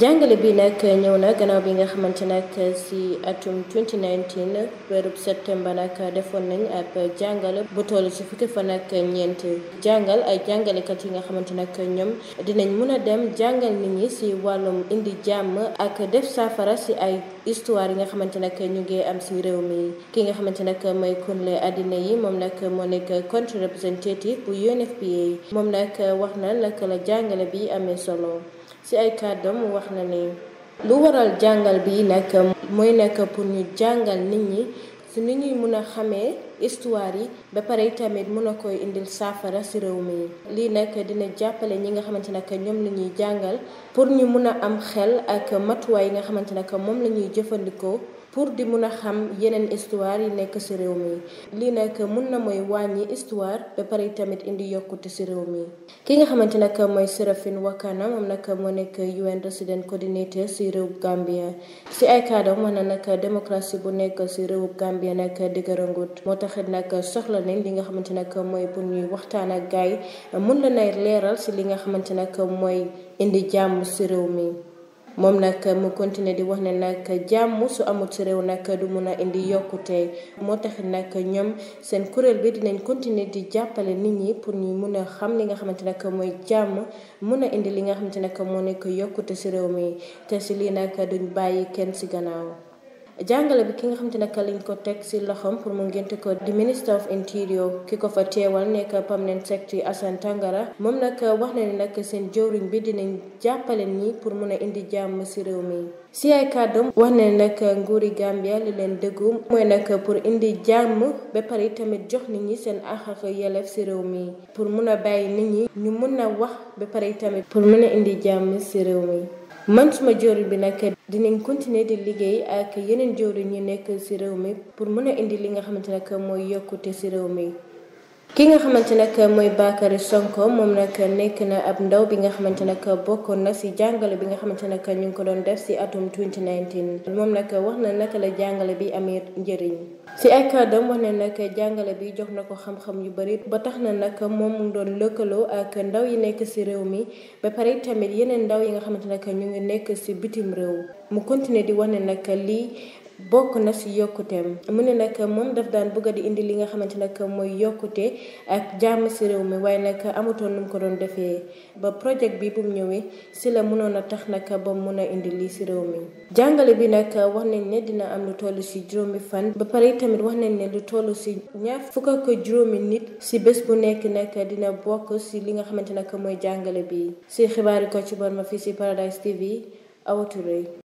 jàngale bi nag ñëw na gannaaw bi nga xamante nag si atum 2019 weerub septembre nag defoon nañ ab jàngale bu toll ci fukki fan ak ñeent jàngal ay jàngalekat yi nga xamante nag ñoom dinañ mën a dem jàngal nit ñi si wàllum indi jàmm ak def saafara si ay histoire yi nga xamante nag ñu ngi am si réew mi ki nga xamante nag mooy kunle àddina yi moom nag moo nekk country representative bu UNFPA moom nag wax na naka la jàngale bi amee solo si ay kàddoom wax na lu waral jàngal bi nag mooy nekk pour ñu jàngal nit ñi si ni ñuy mun a xamee histoire yi ba pare tamit mun a koy indil saafara si réew mi lii nag dina jàppale ñi nga xamante ne ñoom la ñuy jàngal pour ñu mun a am xel ak matuwaay yi nga xamante ne moom la ñuy jëfandikoo. pour di mun a xam yeneen histoire yi nekk ci réew mi lii nag mun na mooy wàññi histoire ba pare tamit indi yokkute ci réew mi. ki nga xamante nag mooy Serafine Wakana moom nag moo nekk UN Resident Coordinator ci réew Gambia ci ay kaadam wax na nag démocratie bu nekk ci réew Gambia nag dëgërangut moo taxit nag soxla nañ li nga xamante nag mooy bu ñuy waxtaan ak gaay mun la nay leeral ci li nga xamante nag mooy indi jàmm ci réew mi. moom nag mu continuer di wax ne nag jàmm su amul ci réew nag du mun a indi yokkute moo taxit nag ñoom seen kuréel bi dinañ continuer di jàppale nit ñi pour ñu mun a xam li nga xamante nag mooy jàmm mun a indi li nga xamante nag moo nekk yokkute si réew mi te ci lii nag duñ bàyyi kenn ci gannaaw. jàngale bi ki nga xamante nag liñ ko teg si loxoom pour mu ngénte ko di minister of interior ki ko fa teewal nekk pam leen permanent ci Assane Tangara moom nag wax na ni nag seen jëwriñ bi dinañ jàppale nii pour mun a indi jàmm si réew mi. si ay kàddoom wax nag nguuri Gambia li leen dëggu mooy nag pour indi jàmm ba pare tamit jox nit ñi seen àq ak si réew mi pour mun a bàyyi nit ñi ñu mun a wax ba pare tamit pour mun a indi jàmm si réew mi. man suma jëwriñ bi nag dinañ continuer di liggéey ak yeneen jëwriñ ñi nekk ci réew mi pour mën a indi li nga xamante nag mooy yokkute ci réew mi ki nga xamante nag mooy Bakary Sonko moom nag nekk na ab ndaw bi nga xamante nag bokkoon na si jàngale bi nga xamante nag ñu ngi ko doon def si atum 2019 moom nag wax na naka la jàngale bi amee njëriñ si ay kàddam wax ne nag jàngale bi jox na ko xam-xam yu bari ba tax na nag moom mu doon lëkkaloo ak ndaw yi nekk si réew mi ba pare tamit yeneen ndaw yi nga xamante nag ñu ngi nekk si bitim réew mu continuer di wax ne nag lii. bokk na ci yokkuteem mu ne nag moom daf daan bëgg di indi li nga xamante nag mooy yokkute ak jàmm si réew mi waaye nag amatoon num ko doon defee ba projet bi bu mu ñëwee si la mënoon a tax nag ba mun a indi lii si réew mi. jàngale bi nag wax nañ ne dina am lu toll si juróomi fan ba pare tamit wax nañ ne lu toll si ñaar fukk ak juróomi nit si bés bu nekk nag dina bokk si li nga xamante nag mooy jàngale bi si xibaari ko ci bon ma fii si Paradise TV Awa Touré